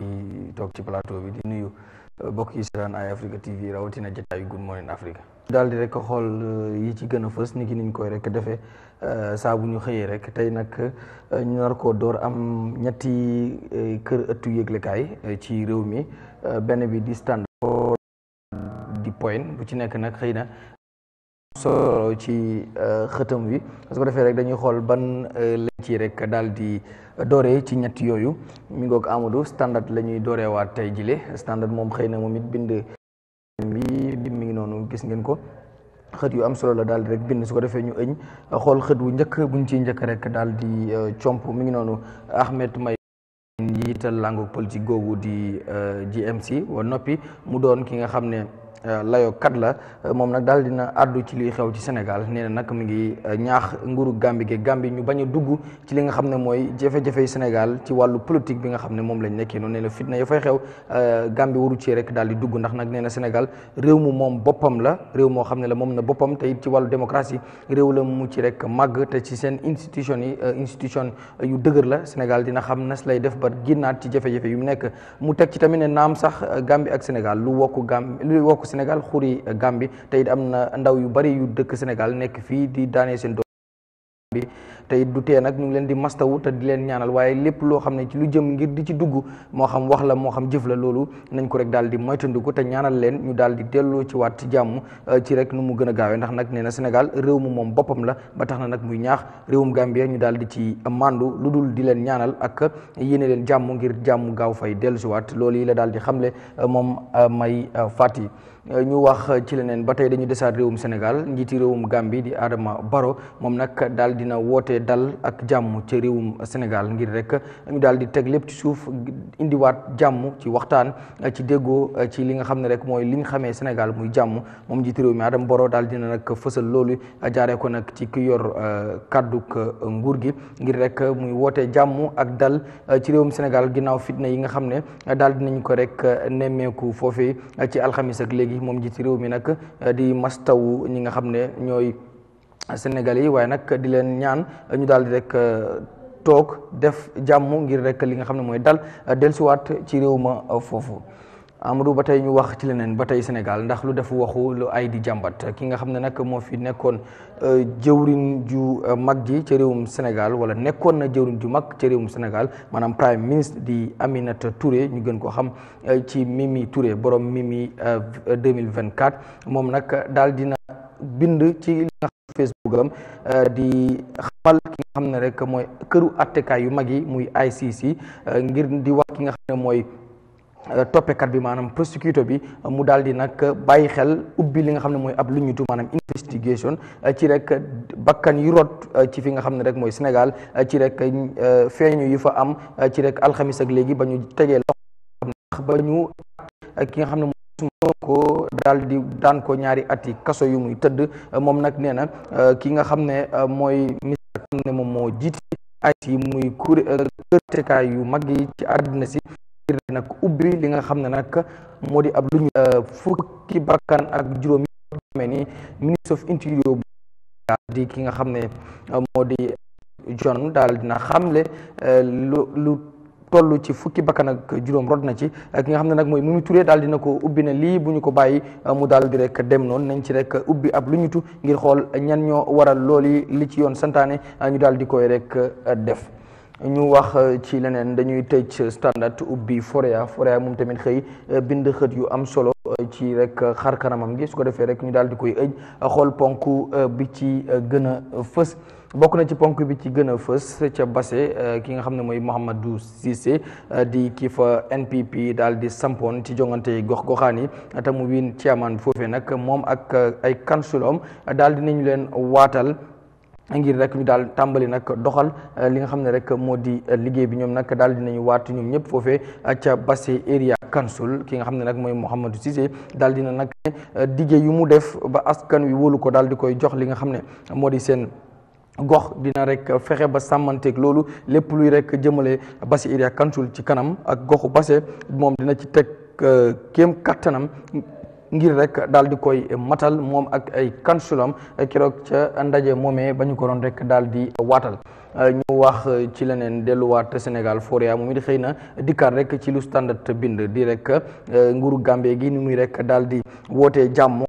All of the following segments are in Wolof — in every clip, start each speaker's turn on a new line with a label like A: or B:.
A: yi toog ci plateau bi di nuyu euh, bokk yi seetaan Eye Africa TV rawatina jotaayu Good Morning Africa. daal di rek xool euh, yi ci gën fës ni ki niñ koy rek defee euh, saa bu ñu xëyee rek tey nag ñu nar koo door am ñetti kër ëttu yëglekaay ci réew mi benn bi di stand di point bu ci nekk nag xëy na solo ci euh, xëtam wi su ko defee rek dañuy xool ban euh, lañ ci rek daal di dooree ci ñetti yooyu mi ngoog Amadou standard la ñuy dooreewaat tey jile standard moom xëy na moom it bind bi mi ngi noonu gis ngeen ko xët yu am solo la daal rek bind su ko defee ñu ëñ xool xët wu njëkk buñ ci njëkk rek daal di euh, comp mi ngi noonu Ahmed May njiital làngu politique googu di GMC wa noppi mu doon ki nga xam ne Euh, layokat la euh, moom nag daal dina àddu ci liy xew ci Sénégal neena na nag mu ngi euh, ñaax nguuru Gambie gee Gambie ñu bañ a dugg ci li nga xam ne mooy jafe-jafe ci wàllu politique bi nga xam ne moom lañ nekkee noonu nee na fitna ya xew Gambie waru ci rek daal di dugg ndax nag nee na Sénégal réew mu moom boppam la réew moo xam ne la moom na boppam te ci wàllu démocratie réew la mu ci rek màgg ci seen institution yi institution yu dëgër la Sénégal dina xam nas lay def ba ginnaat ci jafe yu mu nekk mu teg ci tamit ne naam sax Gambie ak Sénégal lu wokku Gambie lu wokku Sénégal xuri Gambie te it am na ndaw yu bari yu dëkk Sénégal nekk fii di daane seen doole bi te du tee nag ñu ngi leen di mastawu te di leen ñaanal waaye lépp loo xam ne ci lu jëm ngir di ci dugg moo xam wax la moo xam jëf la loolu nañ ko rek daal di moytandiku te ñaanal leen ñu daal di delloo ci waat ci jàmm euh, ci rek nu mu gën a gaawee ndax nag nee na Sénégal réew mu moom boppam la ba tax na nag muy ñaax réewum Gambie ñu daal di ci mandu lu dul di leen ñaanal ak yéene leen jàmm ngir jàmm gaaw fay dellu si waat loolu yi la daal di xamle euh, moom euh, may fàtti ñu wax ci leneen ba tey dañu desaat réewum Sénégal njiiti réewum Gambie di Adama Barrow moom woote dal ak jàmm ci réewum Sénégal ngir rek ñu daal di teg lépp ci suuf indiwaat jàmm ci waxtaan ci déggoo ci li nga xam ne rek mooy li ñu xamee Sénégal muy jàmm moom njiitu réew mi Adama Barrow daal dina nag fësal loolu jaaree ko nag ci ki yor euh, kàdduk euh, nguur gi ngir rek muy woote jàmm ak dal euh, ci réewum Sénégal ginnaaw fitna yi nga xam ne daldi dinañ ko rek nemmeeku foofee ci alxamis ak léegi moom njiitu réew mi nag di mastawu ñi nga xam ne ñooy sénégal yi waaye nag di leen ñaan ñu daal di rek euh, toog def jàmm ngir rek li nga xam ne mooy dal euh, dellusiwaat ci réew ma euh, foofu. Amadou ba tey ñu wax ci leneen ba tey Sénégal ndax lu def waxu lu ay di jàmbat ki nga xam ne nag moo fi nekkoon jëwrin ju mag ji ci réewum Sénégal wala nekkoon na jëwrin ju mag ci réewum Sénégal maanaam prime ministre di Aminata Touré ñu gën ko xam ci Mimi Touré borom Mimi 2024 moom nag daal dina bind ci li nga xam Facebook am euh, di xamal ki nga xam ne rek mooy këru attekaay yu mag yi muy ICC euh, ngir di wax ki nga xam ne mooy euh, toppekat bi maanaam prosecutor bi mu daal di nag bàyyi xel ubbi li nga xam ne mooy ab lu ñu tu maanaam investigation ci rek bakkan yu rot ci fi nga xam ne rek mooy Sénégal ci rek feeñu yu fa am ci rek alxamis ak léegi ba ñu tegee loxo ba ñu ki nga xam ne moo ko daal di daan ko ñaari ati kaso yu muy tëdd moom nag nee na euh, ki nga xam ne euh, mooy ministre xam ne moom moo jiite ay si muy kuréel euh, yu mag yi ci àddina si ngir nag ubbi li nga xam ne nag moo di ab lu ñu fukki bakkan ak juróomi xamee ni ministre of interior di ki nga xam ne moo di John daal dina xamle lu toll ci fukki bakkan ak juróom rod na ci ki nga xam ne nag mooy Mimi Touré daal dina ko ubbi ne lii bu ñu ko bàyyi mu daal di rek dem noonu nañ ci rek ubbi ab lu ñutu ngir xool ñan ñoo waral loolu li ci yoon santaane ñu daal di koy rek def ñu wax ci leneen dañuy tëj standard ubbi Forea Forea moom tamit xëy bind xët yu am solo ci rek xar kanamam gi su ko defee rek ñu daal di koy ëj xool ponk bi ci gën a fës bokk na ci ponk bi ci gën a fës ca Basse euh, ki nga xam ne mooy Mouhamadou sise euh, di kii fa NPP daal di sampoon ci jongante gox goxaan yi te mu win chairman foofee nag moom ak euh, ay kansulom daal di nañu leen waatal. ngir rek ñu daal tàmbali nag doxal li nga xam ne rek moo di liggéey bi ñoom nag daal dinañu waat ñoom ñëpp foofe ca Basse Area Council ki nga xam ne nag mooy Mouhamadou sise daal dina nag diggéey yu mu def ba askan wi wóolu ko daal di koy jox li nga xam ne moo di seen gox dina rek fexe ba sàmmanteeg loolu lépp luy rek jëmale Basse Area Council ci kanam ak goxu Basse moom dina ci teg euh, kéem kattanam ngir rek daal di koy matal moom ak ay kansulam keroog ca ndaje moomee ba ñu ko doon rekk daal di waatal euh, ñu wax ci leneen delluwaat Sénégal Foria moom it xëy na dikkaat rek ci lu standard bind di rek euh, nguuru Gambie gi ni muy rek daal di wootee jàmm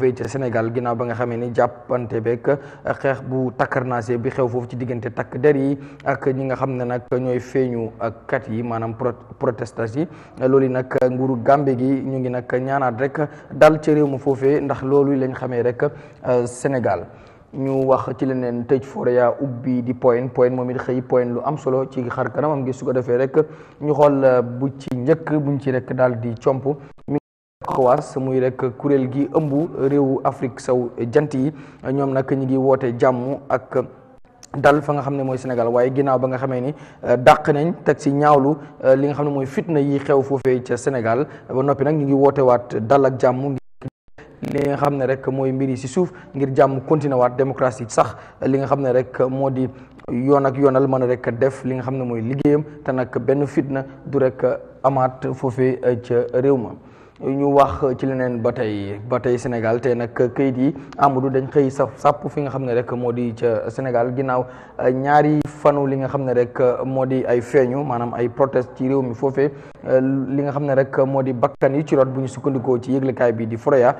A: fay ca Sénégal ginnaaw ba nga xamee ni jàppante beeg eh, xeex bu takkarnaase bi xew foofu ci diggante takk der yi ak ñi nga xam ne nag ñooy feeñu kat yi maanaam protestas yi loolu gi ñu ngi nag ñaanaat rek dal ci réew mu foofee ndax loolu lañ xamee rek eh, Sénégal ñu wax ci leneen tëj ya, ubbi di point point moom it point lu am solo ci xar kanamam gi su ko defee rek ñu xool eh, bu ci njëkk buñ ci rek di comp ECOWAS muy rek kuréel gi ëmb réewu Afrique saw jant yi ñoom nag ñu ngi woote jàmm ak dal fa nga xam ne mooy Sénégal waaye ginnaaw ba nga xamee ni euh, dàq nañ teg si ñaawlu euh, li nga xam ne mooy fitna yi xew foofee ca Sénégal ba noppi nag ñu ngi woote waat dal ak jàmm. li nga xam ne rek mooy mbir yi ci suuf ngir jàmm continué waat démocratie sax li nga xam ne rek moo di yoon ak yoonal mën a rek def li nga xam ne mooy liggéeyam te nag benn fitna du rekk amaat foofee ca réew ma. ñu wax ci leneen ba tey ba tey Sénégal te nag këyit yi Amadou dañ xëy sa sàpp fi nga xam ne rek moo di ca Sénégal ginnaaw euh, ñaari fanu li nga xam ne rek euh, moo di ay feeñu maanaam ay protest ci réew mi foofee euh, li nga xam ne rek moo di bakkan yi ci rot bu ñu sukkandikoo ci yëglekaay bi di Foroyaa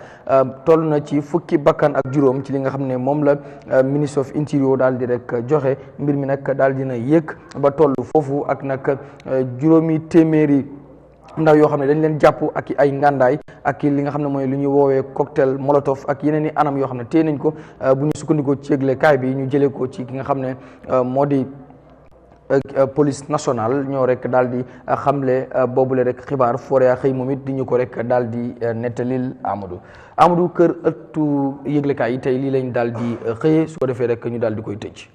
A: toll na ci fukki bakkan ak juróom ci li nga xam ne moom la ministre of interior daal di rek joxe mbir mi nag daal dina yéeg ba toll foofu ak nag juróomi téeméeri ndax yoo xam ne dañu leen jàpp ak ay ngàndaay ak li nga xam ne mooy lu ñuy woowee cocktail molotov ak yeneen i anam yoo xam ne te nañ ko euh, bu ñu sukkandikoo ci yëgle kaay bi ñu jëlee ko ci ki nga xam ne euh, moo di euh, police nationale ñoo rek daal di xamle boobule rek xibaar Foria xëy moom it di ñu ko rek daal di nettalil Amadou Amadou kër ëttu yëglekaay yi tey lii lañ daal di xëyee su ko defee rek ñu daal di koy tëj.